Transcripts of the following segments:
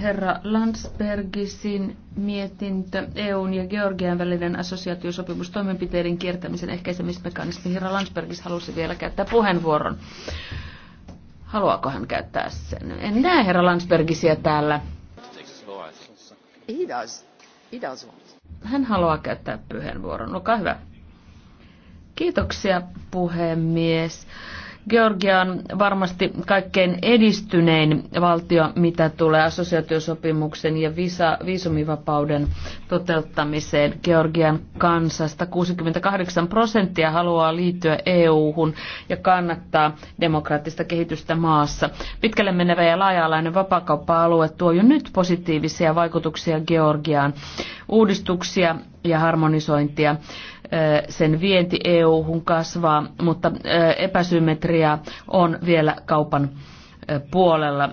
herra Landsbergisin mietintö EUn ja Georgian välinen assosiaatiosopimus toimenpiteiden kiertämisen ehkäisemismekanismi. Herra Landsbergis halusi vielä käyttää puheenvuoron. Haluaako hän käyttää sen? En näe herra Landsbergisia täällä. Hän haluaa käyttää puheenvuoron. Olkaa hyvä. Kiitoksia puhemies. Georgia on varmasti kaikkein edistynein valtio, mitä tulee assosiaatiosopimuksen ja visa, viisumivapauden toteuttamiseen. Georgian kansasta 68 prosenttia haluaa liittyä EU-hun ja kannattaa demokraattista kehitystä maassa. Pitkälle menevä ja laaja-alainen vapakauppa-alue tuo jo nyt positiivisia vaikutuksia Georgiaan. Uudistuksia ja harmonisointia. Sen vienti EU-hun kasvaa, mutta epäsymmetria on vielä kaupan puolella.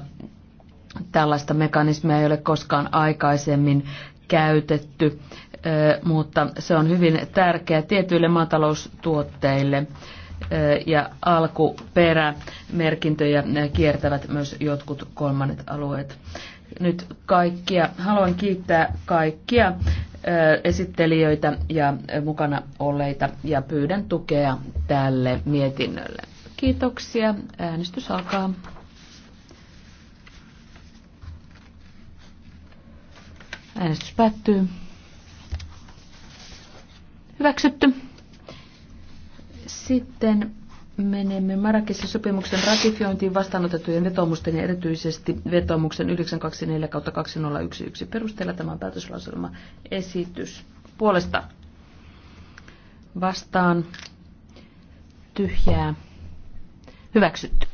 Tällaista mekanismia ei ole koskaan aikaisemmin käytetty, mutta se on hyvin tärkeä tietyille maataloustuotteille ja alkuperämerkintöjä kiertävät myös jotkut kolmannet alueet nyt kaikkia. Haluan kiittää kaikkia esittelijöitä ja mukana olleita ja pyydän tukea tälle mietinnölle. Kiitoksia. Äänestys alkaa. Äänestys päättyy. Hyväksytty. Sitten Menemme Marrakesin sopimuksen ratifiointiin vastaanotettujen vetomusten ja erityisesti vetomuksen 924-2011 perusteella on päätöslauselma esitys. Puolesta vastaan tyhjää hyväksytty.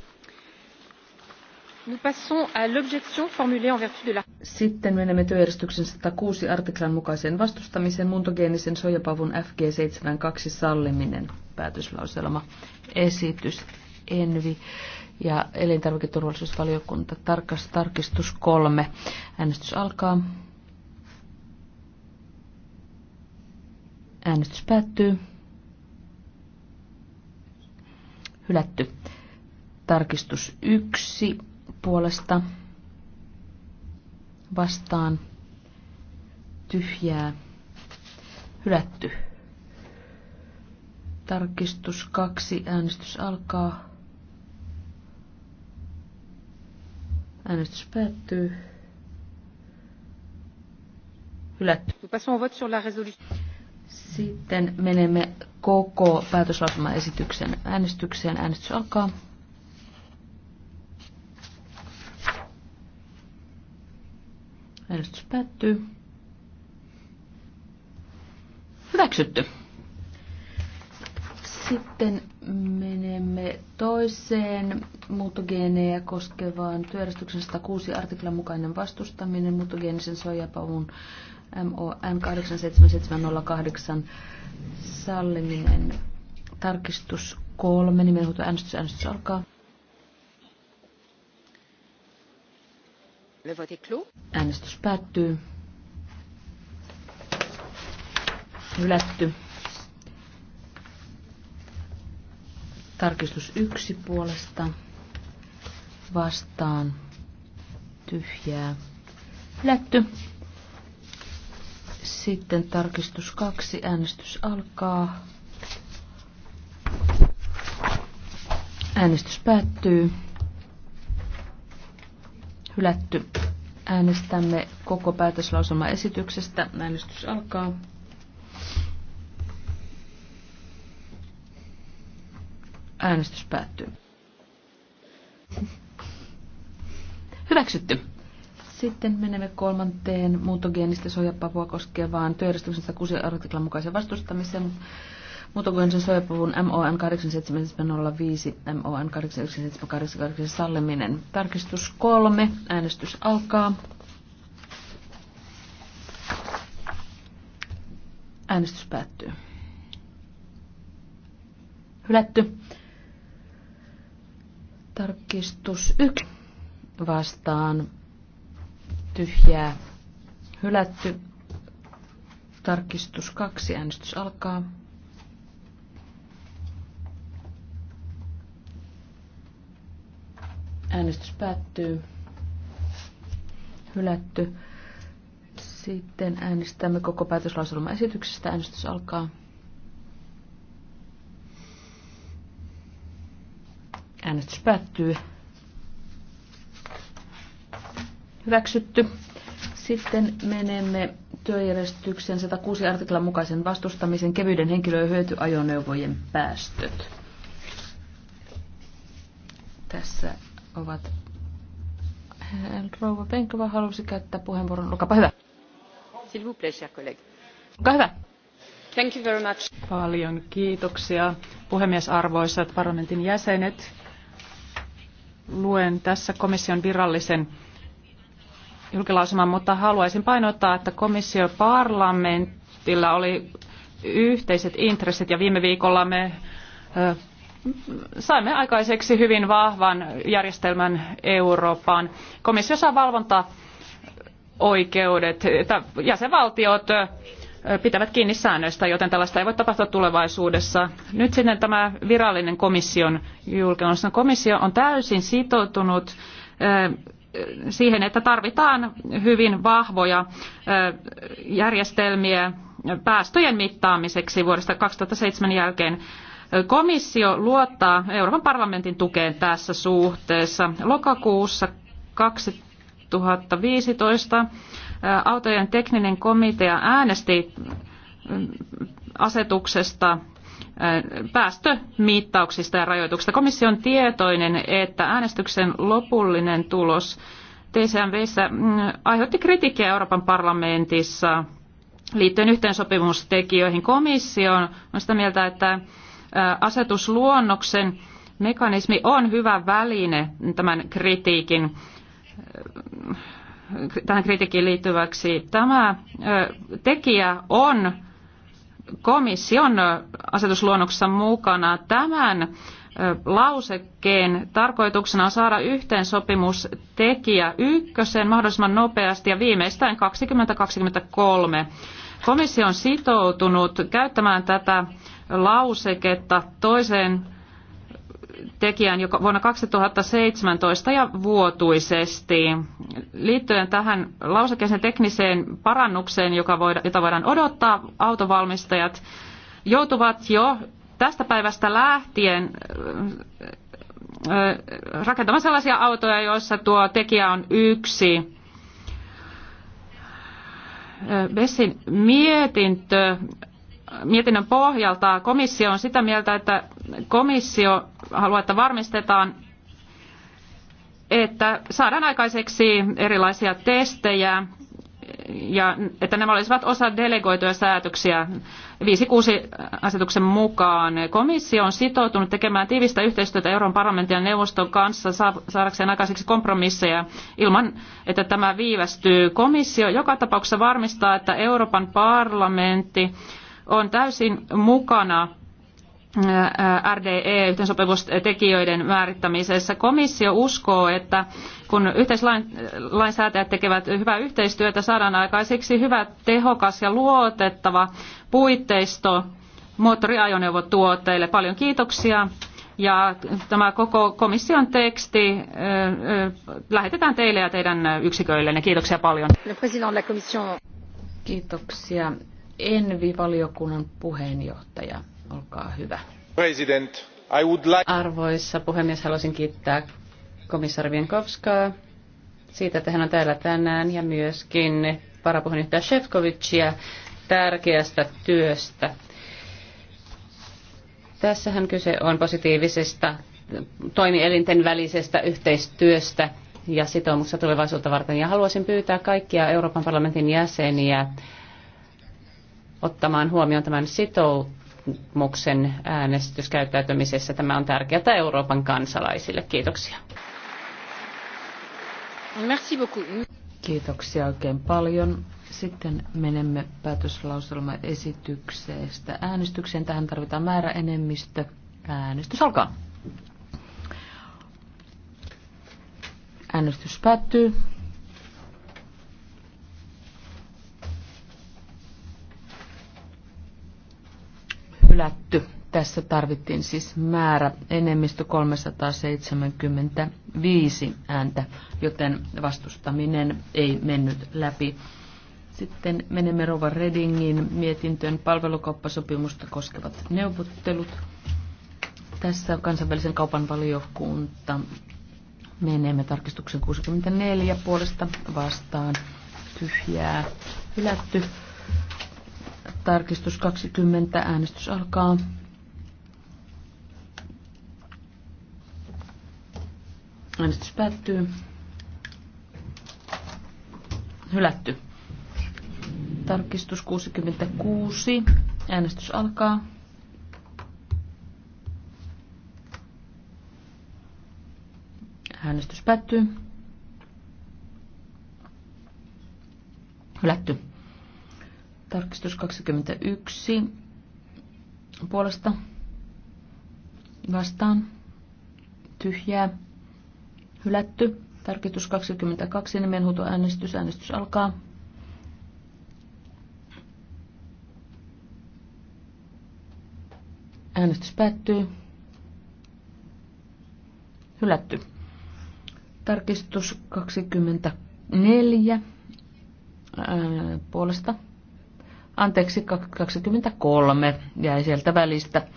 Sitten menemme työjärjestyksen 106 artiklan mukaiseen vastustamisen muuntogeenisen soijapavun FG72 salliminen päätöslauselma esitys Envi ja elintarviketurvallisuusvaliokunta tarkas, tarkistus kolme. Äänestys alkaa. Äänestys päättyy. Hylätty. Tarkistus yksi puolesta vastaan tyhjää hylätty. Tarkistus kaksi. Äänestys alkaa. Äänestys päättyy. Hylätty. Sitten menemme koko päätöslausumaesityksen äänestykseen. Äänestys alkaa. Äänestys päättyy. Hyväksytty. Sitten menemme toiseen muuttogeenejä koskevaan työjärjestyksen 106 artiklan mukainen vastustaminen muuttogeenisen soijapavun MON 87708 salliminen. Tarkistus kolme, nimenhuuto äänestys, äänestys alkaa. Le vote est clos. Äänestys päättyy. Hylätty. Tarkistus yksi puolesta vastaan tyhjää hylätty. Sitten tarkistus kaksi, äänestys alkaa. Äänestys päättyy hylätty. Äänestämme koko esityksestä. Äänestys alkaa. Äänestys päättyy. Hyväksytty. Sitten menemme kolmanteen muuntogeenistä sojapavua koskevaan työjärjestyksen 106 artiklan mukaisen vastustamiseen. Muuta kuin sen suojapuvun MON 8705, MON 8788 salliminen. Tarkistus kolme. Äänestys alkaa. Äänestys päättyy. Hylätty. Tarkistus 1. Vastaan tyhjää. Hylätty. Tarkistus 2. Äänestys alkaa. Äänestys päättyy. Hylätty. Sitten äänestämme koko päätöslauselman esityksestä. Äänestys alkaa. Äänestys päättyy. Hyväksytty. Sitten menemme työjärjestyksen 106 artiklan mukaisen vastustamisen kevyiden ja hyötyajoneuvojen päästöt. Tässä ovat... Eh, rouva Penkova halusi käyttää puheenvuoron. Olkaapa hyvä. S'il vous plaît, cher collègue. Olkaa hyvä. Thank you very much. Paljon kiitoksia. Puhemies, arvoisat parlamentin jäsenet, luen tässä komission virallisen julkilausuman, mutta haluaisin painottaa, että komissio parlamentilla oli yhteiset intressit ja viime viikolla me eh, saimme aikaiseksi hyvin vahvan järjestelmän Eurooppaan. Komissio saa valvontaoikeudet. Jäsenvaltiot pitävät kiinni säännöistä, joten tällaista ei voi tapahtua tulevaisuudessa. Nyt sitten tämä virallinen komission julkilausunto. komissio on täysin sitoutunut siihen, että tarvitaan hyvin vahvoja järjestelmiä päästöjen mittaamiseksi vuodesta 2007 jälkeen. Komissio luottaa Euroopan parlamentin tukeen tässä suhteessa. Lokakuussa 2015 äh, autojen tekninen komitea äänesti äh, asetuksesta äh, päästömittauksista ja rajoituksista. Komissio on tietoinen, että äänestyksen lopullinen tulos TCMVssä mm, aiheutti kritiikkiä Euroopan parlamentissa liittyen yhteensopimustekijöihin. Komissio on sitä mieltä, että asetusluonnoksen mekanismi on hyvä väline tämän kritiikin tähän kritiikkiin liittyväksi. Tämä tekijä on komission asetusluonnoksessa mukana. Tämän lausekkeen tarkoituksena on saada yhteensopimus tekijä ykkösen mahdollisimman nopeasti ja viimeistään 2023. Komissio on sitoutunut käyttämään tätä lauseketta toiseen tekijän joka vuonna 2017 ja vuotuisesti. Liittyen tähän lausekkeeseen tekniseen parannukseen, joka voida, jota voidaan odottaa, autovalmistajat joutuvat jo tästä päivästä lähtien äh, äh, rakentamaan sellaisia autoja, joissa tuo tekijä on yksi. Bessin mietintö, mietinnön pohjalta komissio on sitä mieltä, että komissio haluaa, että varmistetaan, että saadaan aikaiseksi erilaisia testejä ja että nämä olisivat osa delegoituja säätöksiä 5.6. asetuksen mukaan. Komissio on sitoutunut tekemään tiivistä yhteistyötä Euroopan parlamentin ja neuvoston kanssa saadakseen aikaiseksi kompromisseja ilman, että tämä viivästyy. Komissio joka tapauksessa varmistaa, että Euroopan parlamentti on täysin mukana RDE-yhteensopivuustekijöiden määrittämisessä. Komissio uskoo, että kun yhteislainsäätäjät tekevät hyvää yhteistyötä, saadaan aikaiseksi hyvä, tehokas ja luotettava puitteisto moottoriajoneuvotuotteille. Paljon kiitoksia. Ja tämä koko komission teksti lähetetään teille ja teidän yksiköillenne. Kiitoksia paljon. Kiitoksia. Envi-valiokunnan puheenjohtaja. Olkaa hyvä. Arvoisa puhemies, haluaisin kiittää komissaari Vienkovskaa siitä, että hän on täällä tänään ja myöskin varapuheenjohtaja Shevkovicia tärkeästä työstä. Tässähän kyse on positiivisesta toimielinten välisestä yhteistyöstä ja sitoumuksesta tulevaisuutta varten. Ja haluaisin pyytää kaikkia Euroopan parlamentin jäseniä ottamaan huomioon tämän sitou- luottamuksen äänestyskäyttäytymisessä. Tämä on tärkeää Euroopan kansalaisille. Kiitoksia. Merci Kiitoksia oikein paljon. Sitten menemme esityksestä. äänestykseen. Tähän tarvitaan määräenemmistö. Äänestys alkaa. Äänestys päättyy. Tässä tarvittiin siis määrä enemmistö 375 ääntä, joten vastustaminen ei mennyt läpi. Sitten menemme Rova Redingin mietintöön palvelukauppasopimusta koskevat neuvottelut. Tässä kansainvälisen kaupan valiokunta menemme tarkistuksen 64 puolesta vastaan. Tyhjää hylätty. Tarkistus 20. Äänestys alkaa. Äänestys päättyy. Hylätty. Tarkistus 66. Äänestys alkaa. Äänestys päättyy. Hylätty. Tarkistus 21. Puolesta. Vastaan. Tyhjää Hylätty. Tarkistus 22. Nimenhuutoäänestys. Äänestys alkaa. Äänestys päättyy. Hylätty. Tarkistus 24 ää, puolesta. Anteeksi, 23 jäi sieltä välistä.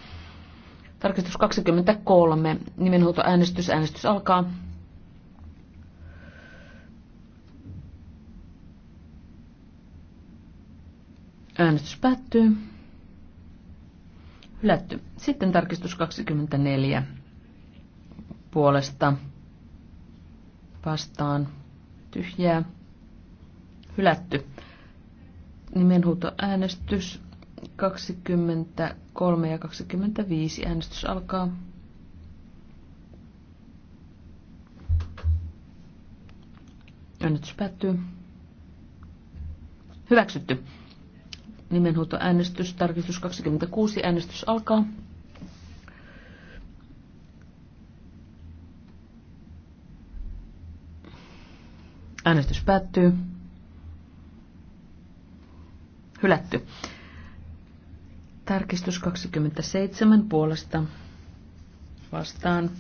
Tarkistus 23. Nimenhuutoäänestys. Äänestys alkaa. Äänestys päättyy. Hylätty. Sitten tarkistus 24 puolesta vastaan tyhjää. Hylätty. äänestys 23 ja 25. Äänestys alkaa. Äänestys päättyy. Hyväksytty äänestys tarkistus 26, äänestys alkaa. Äänestys päättyy. Hylätty. Tarkistus 27 puolesta vastaan.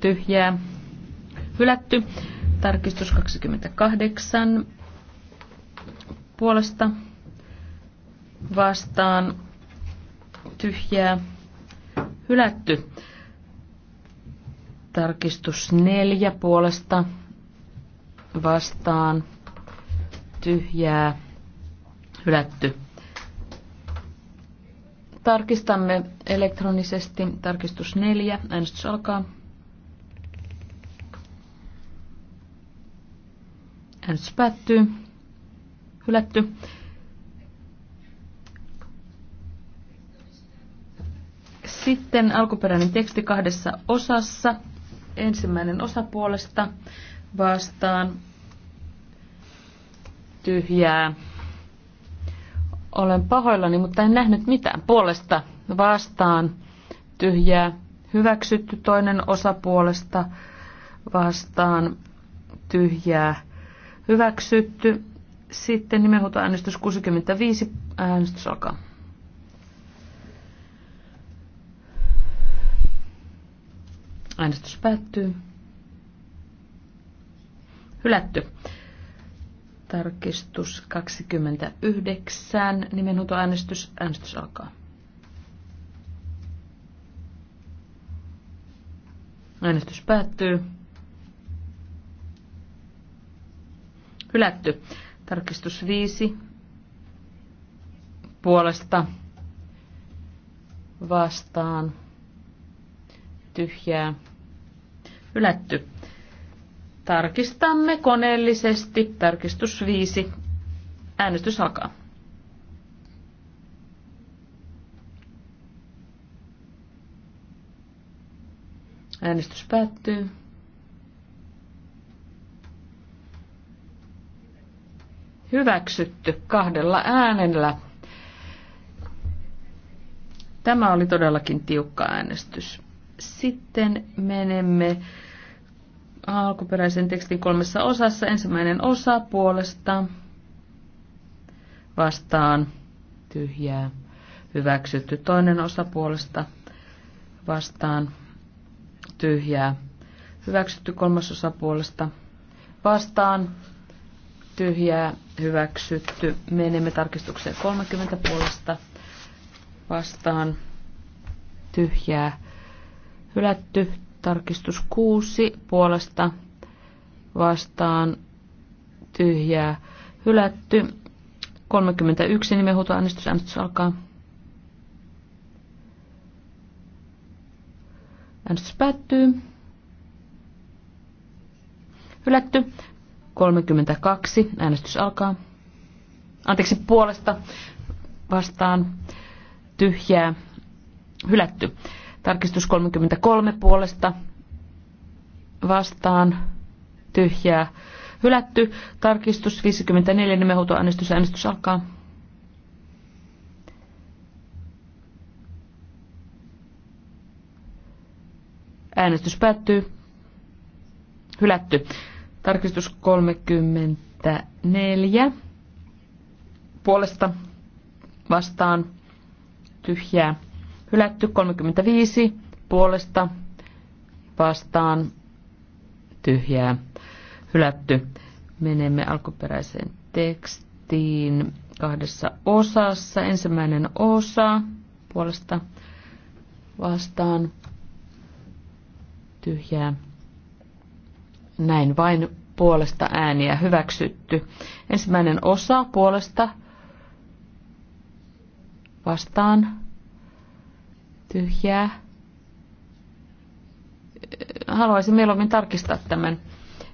Tyhjää. Hylätty. Tarkistus 28 puolesta vastaan tyhjää hylätty. Tarkistus neljä puolesta vastaan tyhjää hylätty. Tarkistamme elektronisesti tarkistus neljä. Äänestys alkaa. Äänestys päättyy. Hylätty. Sitten alkuperäinen teksti kahdessa osassa. Ensimmäinen osa puolesta vastaan tyhjää. Olen pahoillani, mutta en nähnyt mitään. Puolesta vastaan tyhjää. Hyväksytty toinen osa puolesta vastaan tyhjää. Hyväksytty. Sitten nimenhuutoäänestys 65. Äänestys alkaa. Äänestys päättyy. Hylätty. Tarkistus 29. Nimenhuutoäänestys. Äänestys alkaa. Äänestys päättyy. Hylätty. Tarkistus 5. Puolesta vastaan. Tyhjää ylätty. Tarkistamme koneellisesti. Tarkistus 5. Äänestys alkaa. Äänestys päättyy. Hyväksytty kahdella äänellä. Tämä oli todellakin tiukka äänestys. Sitten menemme alkuperäisen tekstin kolmessa osassa. Ensimmäinen osa puolesta vastaan tyhjää hyväksytty. Toinen osa puolesta vastaan tyhjää hyväksytty. Kolmas osa puolesta vastaan tyhjää hyväksytty. Menemme tarkistukseen 30 puolesta vastaan tyhjää Hylätty tarkistus 6 puolesta vastaan tyhjää. Hylätty 31 nimenhuutoäänestys. Äänestys alkaa. Äänestys päättyy. Hylätty 32. Äänestys alkaa. Anteeksi, puolesta vastaan tyhjää. Hylätty. Tarkistus 33 puolesta vastaan tyhjää hylätty. Tarkistus 54 nimenhuutoäänestys. Äänestys alkaa. Äänestys päättyy. Hylätty. Tarkistus 34. Puolesta vastaan tyhjää Hylätty 35 puolesta vastaan tyhjää. Hylätty. Menemme alkuperäiseen tekstiin kahdessa osassa. Ensimmäinen osa puolesta vastaan tyhjää. Näin vain puolesta ääniä hyväksytty. Ensimmäinen osa puolesta vastaan Tyhjää. Haluaisin mieluummin tarkistaa tämän.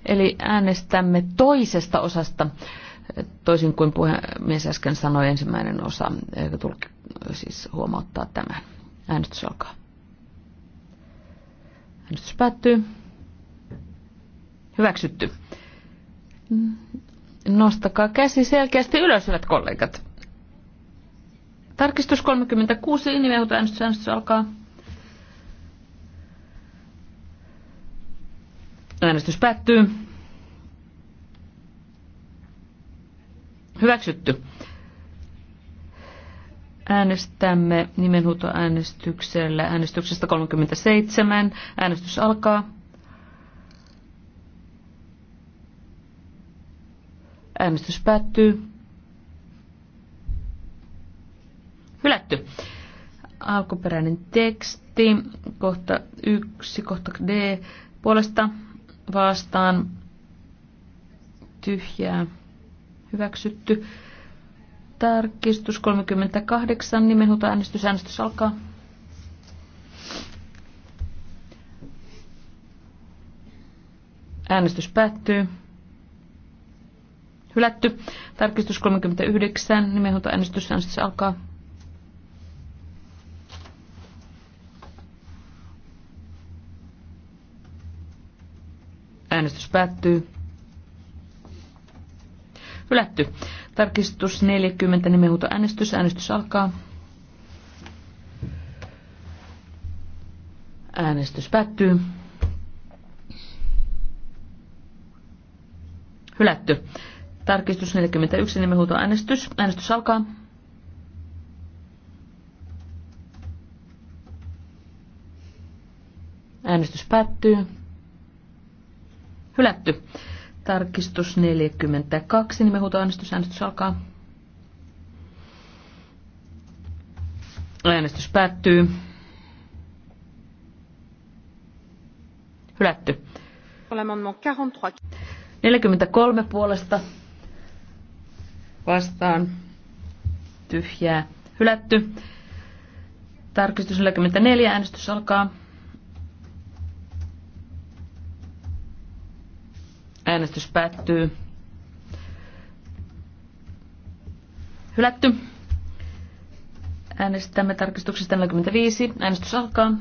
Eli äänestämme toisesta osasta, toisin kuin puhemies äsken sanoi ensimmäinen osa, tulki siis huomauttaa tämän. Äänestys alkaa. Äänestys päättyy. Hyväksytty. Nostakaa käsi selkeästi ylös, hyvät kollegat. Tarkistus 36, äänestys, äänestys alkaa. Äänestys päättyy. Hyväksytty. Äänestämme nimenhuutoäänestyksellä äänestyksestä 37. Äänestys alkaa. Äänestys päättyy. hylätty. Alkuperäinen teksti, kohta 1, kohta D, puolesta vastaan tyhjää hyväksytty. Tarkistus 38, nimenhuuta äänestys, äänestys alkaa. Äänestys päättyy. Hylätty. Tarkistus 39, nimenhuuta äänestys, äänestys alkaa. päättyy. Hylätty. Tarkistus 40 nimenhuuto äänestys. Äänestys alkaa. Äänestys päättyy. Hylätty. Tarkistus 41 nimenhuuto äänestys. Äänestys alkaa. Äänestys päättyy. Hylätty. Tarkistus 42. äänestys. Äänestys alkaa. Äänestys päättyy. Hylätty. 43 puolesta vastaan tyhjää hylätty. Tarkistus 44. Äänestys alkaa. Äänestys päättyy. Hylätty. Äänestämme tarkistuksesta 45. Äänestys alkaa.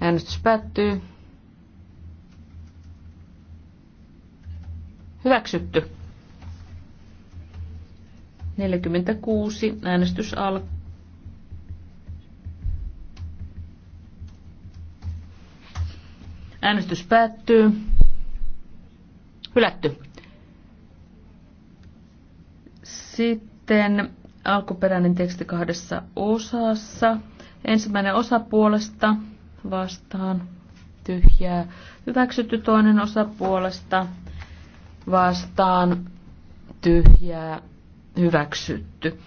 Äänestys päättyy. Hyväksytty. 46. Äänestys alkaa. Äänestys päättyy. Hylätty. Sitten alkuperäinen teksti kahdessa osassa. Ensimmäinen osa puolesta vastaan tyhjää. Hyväksytty toinen osa puolesta vastaan tyhjää. Hyväksytty.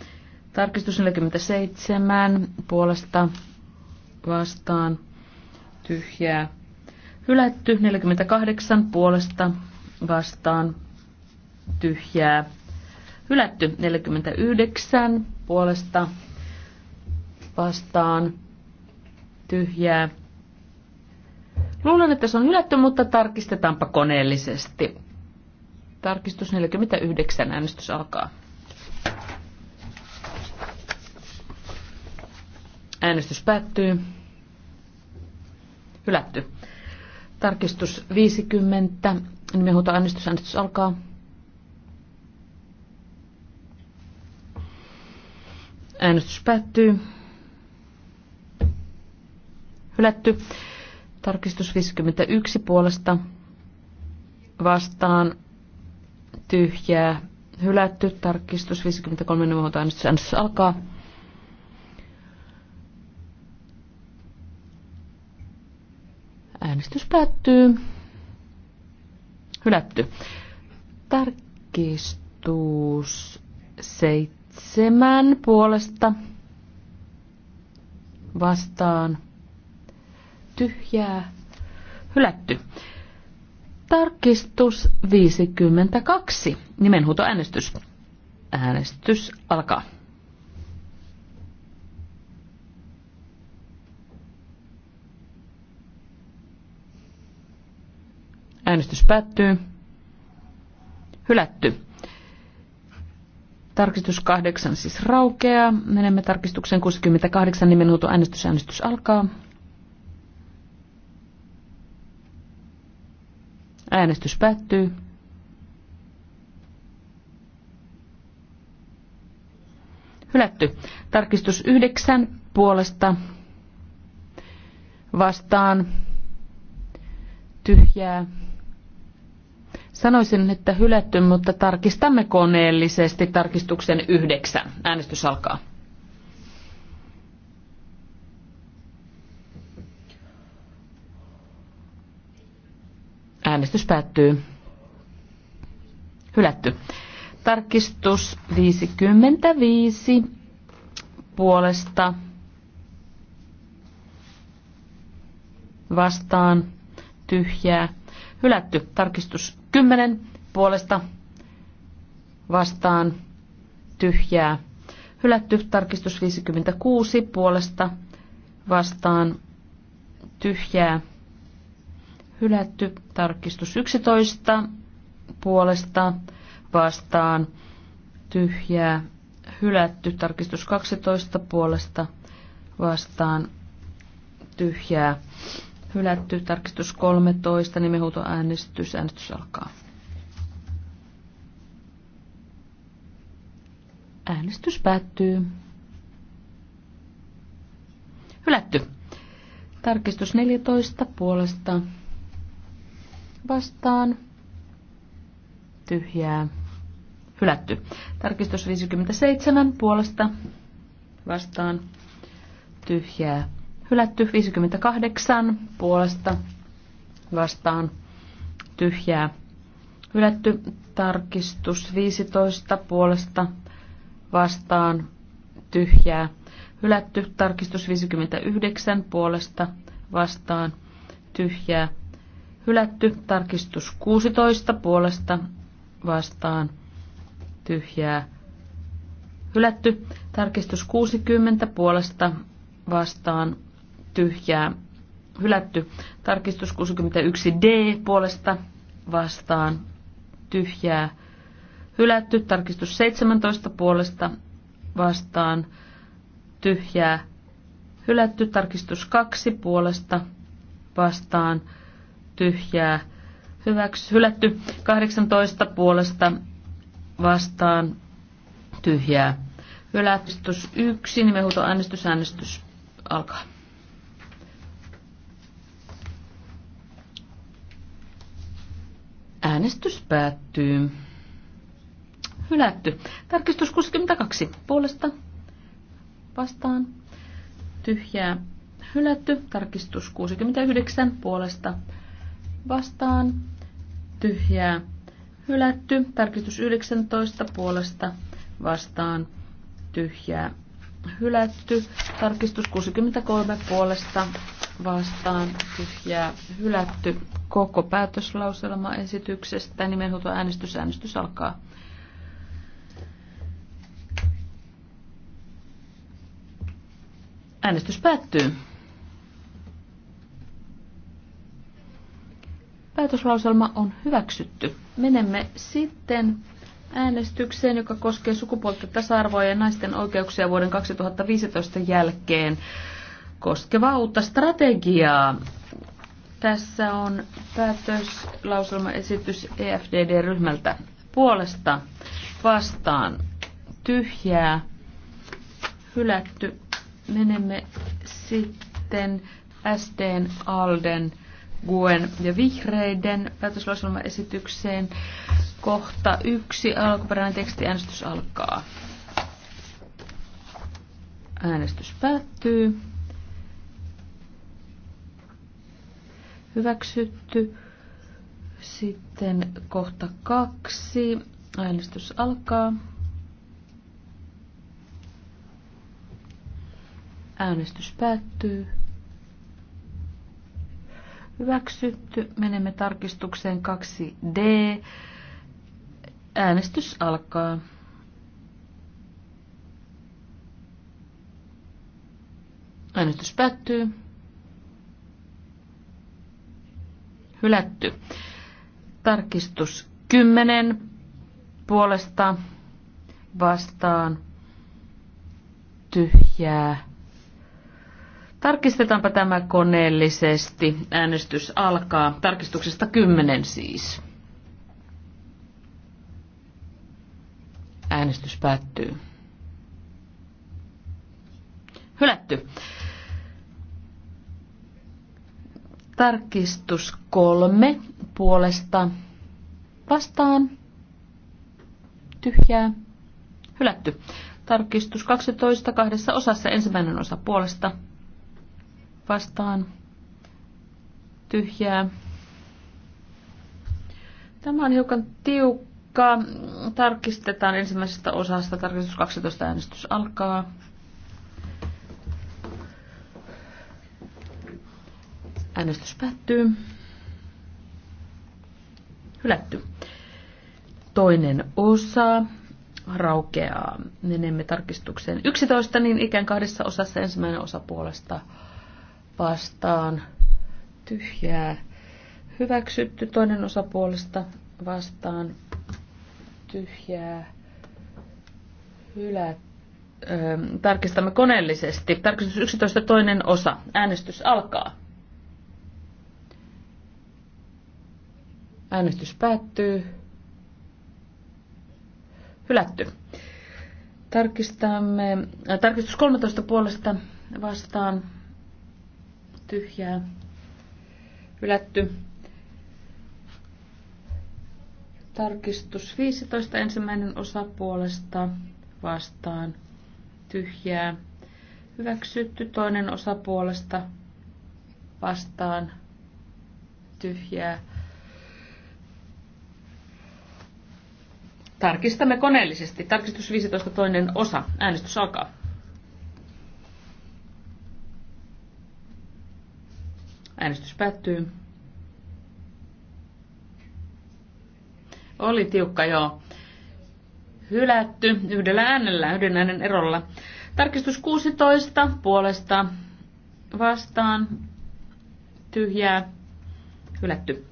Tarkistus 47 puolesta vastaan tyhjää Hylätty 48 puolesta vastaan tyhjää. Hylätty 49 puolesta vastaan tyhjää. Luulen, että se on hylätty, mutta tarkistetaanpa koneellisesti. Tarkistus 49, äänestys alkaa. Äänestys päättyy. Hylätty. Tarkistus 50. Nimenhuuto äänestys. Äänestys alkaa. Äänestys päättyy. Hylätty. Tarkistus 51 puolesta vastaan tyhjää. Hylätty. Tarkistus 53. Nimenhuuto äänestys. Äänestys alkaa. Äänestys päättyy. Hylätty. Tarkistus seitsemän puolesta vastaan. Tyhjää. Hylätty. Tarkistus 52. Nimenhuutoäänestys. Äänestys alkaa. Äänestys päättyy. Hylätty. Tarkistus 8 siis raukeaa. Menemme tarkistukseen 68 nimenhuuto äänestys. Äänestys alkaa. Äänestys päättyy. Hylätty. Tarkistus 9 puolesta vastaan tyhjää Sanoisin, että hylätty, mutta tarkistamme koneellisesti tarkistuksen yhdeksän. Äänestys alkaa. Äänestys päättyy. Hylätty. Tarkistus 55 puolesta vastaan tyhjää. Hylätty. Tarkistus 10 puolesta vastaan tyhjää. Hylätty tarkistus 56 puolesta vastaan tyhjää. Hylätty tarkistus 11 puolesta vastaan tyhjää. Hylätty tarkistus 12 puolesta vastaan tyhjää Hylätty tarkistus 13, äänestys. äänestys alkaa. Äänestys päättyy. Hylätty. Tarkistus 14 puolesta vastaan. Tyhjää. Hylätty. Tarkistus 57 puolesta vastaan. Tyhjää. Hylätty 58 puolesta vastaan tyhjää. Hylätty tarkistus 15 puolesta vastaan tyhjää. Hylätty tarkistus 59 puolesta vastaan tyhjää. Hylätty tarkistus 16 puolesta vastaan tyhjää. Hylätty tarkistus 60 puolesta vastaan tyhjää hylätty. Tarkistus 61D puolesta vastaan tyhjää hylätty. Tarkistus 17 puolesta vastaan tyhjää hylätty. Tarkistus 2 puolesta vastaan tyhjää hyväksy, hylätty. 18 puolesta vastaan tyhjää hylätty. 1 nimenhuuto äänestys, äänestys alkaa. Äänestys päättyy. Hylätty. Tarkistus 62. Puolesta. Vastaan. Tyhjää. Hylätty. Tarkistus 69. Puolesta. Vastaan. Tyhjää. Hylätty. Tarkistus 19. Puolesta. Vastaan. Tyhjää. Hylätty. Tarkistus 63. Puolesta. Vastaan. Tyhjää. Hylätty koko päätöslauselma esityksestä. Nimenhuuto äänestys, äänestys alkaa. Äänestys päättyy. Päätöslauselma on hyväksytty. Menemme sitten äänestykseen, joka koskee sukupuolten tasa-arvoa ja naisten oikeuksia vuoden 2015 jälkeen koskevaa uutta strategiaa. Tässä on päätöslauselmaesitys EFDD-ryhmältä puolesta vastaan tyhjää hylätty. Menemme sitten SDn, ALDEn, GUEN ja vihreiden päätöslauselmaesitykseen. Kohta yksi alkuperäinen tekstiäänestys alkaa. Äänestys päättyy. hyväksytty. Sitten kohta kaksi. Äänestys alkaa. Äänestys päättyy. Hyväksytty. Menemme tarkistukseen 2D. Äänestys alkaa. Äänestys päättyy. hylätty. Tarkistus 10 puolesta vastaan tyhjää. Tarkistetaanpa tämä koneellisesti. Äänestys alkaa. Tarkistuksesta 10 siis. Äänestys päättyy. Hylätty. Tarkistus kolme puolesta vastaan. Tyhjää. Hylätty. Tarkistus 12 kahdessa osassa ensimmäinen osa puolesta vastaan. Tyhjää. Tämä on hiukan tiukka. Tarkistetaan ensimmäisestä osasta. Tarkistus 12 äänestys alkaa. Äänestys päättyy. Hylätty. Toinen osa raukeaa. Menemme tarkistukseen 11, niin ikään kahdessa osassa ensimmäinen osa puolesta vastaan tyhjää. Hyväksytty toinen osa puolesta vastaan tyhjää. Hylätty. Öö, tarkistamme koneellisesti. Tarkistus 11 toinen osa. Äänestys alkaa. Äänestys päättyy. Hylätty. Tarkistamme, äh, tarkistus 13 puolesta vastaan tyhjää. Hylätty. Tarkistus 15 ensimmäinen osa puolesta vastaan tyhjää. Hyväksytty toinen osa puolesta vastaan tyhjää Tarkistamme koneellisesti. Tarkistus 15 toinen osa. Äänestys alkaa. Äänestys päättyy. Oli tiukka, joo. Hylätty yhdellä äänellä, yhden äänen erolla. Tarkistus 16 puolesta vastaan. Tyhjää. Hylätty.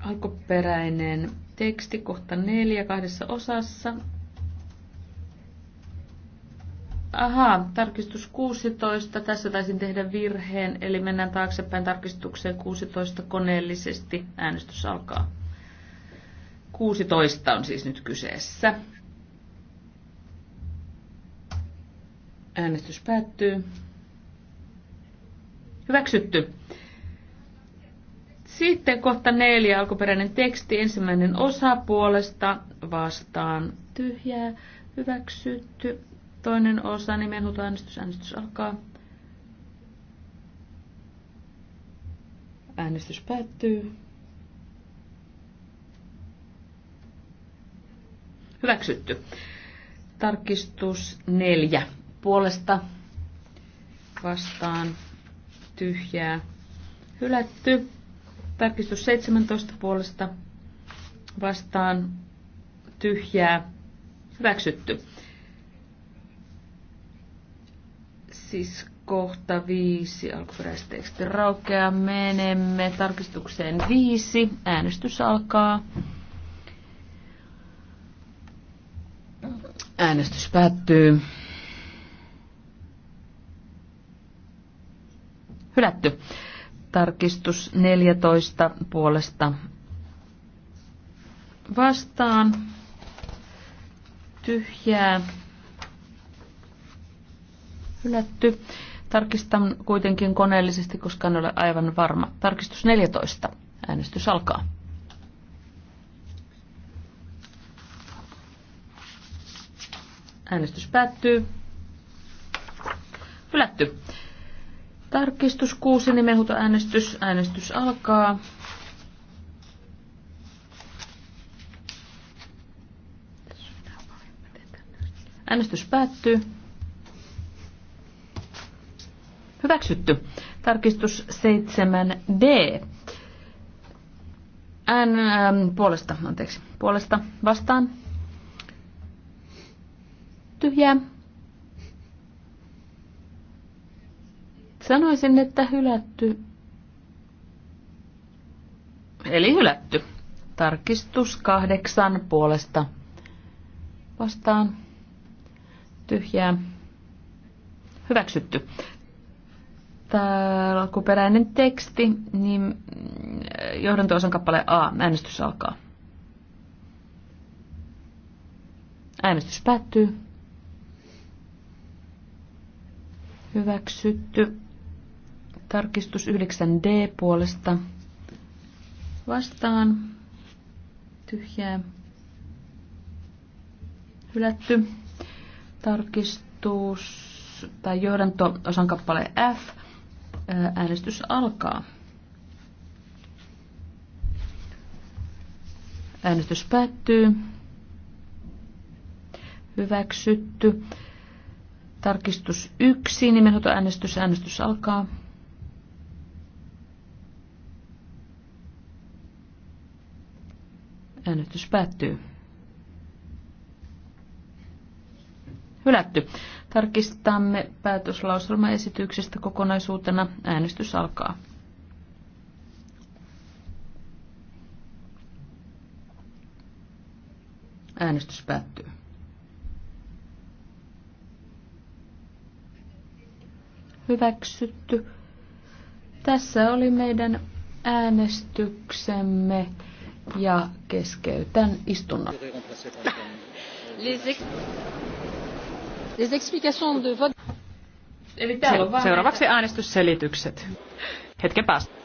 Alkuperäinen teksti kohta neljä kahdessa osassa. Aha, tarkistus 16. Tässä taisin tehdä virheen, eli mennään taaksepäin tarkistukseen 16 koneellisesti. Äänestys alkaa. 16 on siis nyt kyseessä. Äänestys päättyy. Hyväksytty. Sitten kohta neljä alkuperäinen teksti, ensimmäinen osa puolesta vastaan tyhjää, hyväksytty. Toinen osa, äänestys, äänestys alkaa. Äänestys päättyy. Hyväksytty. Tarkistus neljä. Puolesta vastaan tyhjää. Hylätty. Tarkistus 17 puolesta vastaan tyhjää hyväksytty. Siis kohta viisi alkuperäisteksti raukeaa. Menemme tarkistukseen viisi. Äänestys alkaa. Äänestys päättyy. Hylätty. Tarkistus 14 puolesta vastaan. Tyhjää. Hylätty. Tarkistan kuitenkin koneellisesti, koska en ole aivan varma. Tarkistus 14. Äänestys alkaa. Äänestys päättyy. Hylätty. Tarkistus 6, nimenhuutoäänestys. Äänestys alkaa. Äänestys päättyy. Hyväksytty. Tarkistus 7D. Ään, ähm, puolesta, anteeksi, puolesta vastaan. Tyhjää. Sanoisin, että hylätty. Eli hylätty. Tarkistus kahdeksan puolesta. Vastaan. Tyhjää. Hyväksytty. Tää alkuperäinen teksti, niin äh, johdantoosan kappale A. Äänestys alkaa. Äänestys päättyy. Hyväksytty. Tarkistus 9D puolesta vastaan. Tyhjää. Hylätty. Tarkistus tai johdanto osan kappale F. Äänestys alkaa. Äänestys päättyy. Hyväksytty. Tarkistus 1. Nimenhoitoäänestys. Äänestys alkaa. Äänestys päättyy. Hylätty. Tarkistamme päätöslauselmaesityksestä kokonaisuutena. Äänestys alkaa. Äänestys päättyy. Hyväksytty. Tässä oli meidän äänestyksemme ja keskeytän istunnon. Seuraavaksi äänestysselitykset. Hetken päästä.